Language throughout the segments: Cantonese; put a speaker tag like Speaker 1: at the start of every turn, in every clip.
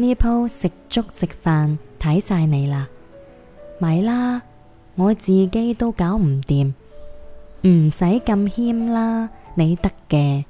Speaker 1: 呢鋪食粥食飯睇晒你啦，咪啦，我自己都搞唔掂，唔使咁謙啦，你得嘅，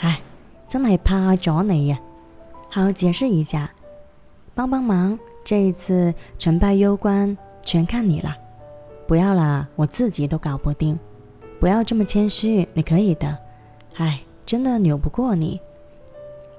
Speaker 1: 唉，真係怕咗你啊，好，解釋一下，幫幫忙，這一次成敗攸關，全看你啦，不要啦，我自己都搞不定，不要這麼謙虛，你可以的，唉，真的拗不過你。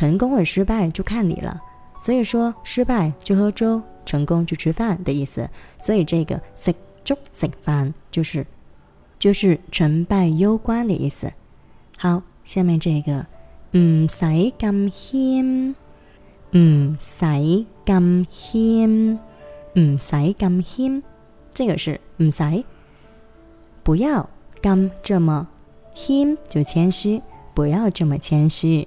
Speaker 1: 成功和失敗就看你了，所以說失敗就喝粥，成功就吃飯的意思。所以這個食粥食飯就是就是成敗攸關的意思。好，下面這個唔使咁謙，唔使咁謙，唔使咁謙，這個是唔使、嗯、不要咁這麼謙就謙虛，不要這麼謙虛。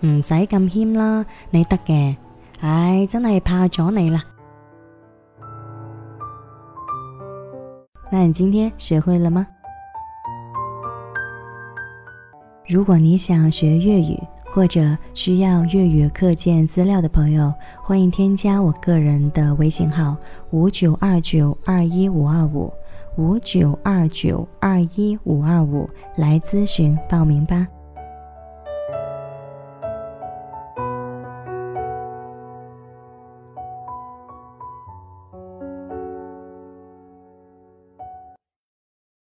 Speaker 1: 唔使咁謙啦，你得嘅，唉，真係怕咗你啦。那你今天學會了嗎？如果你想學粵語或者需要粵語課件資料的朋友，歡迎添加我個人的微信號592921525，592921525，來諮詢報名吧。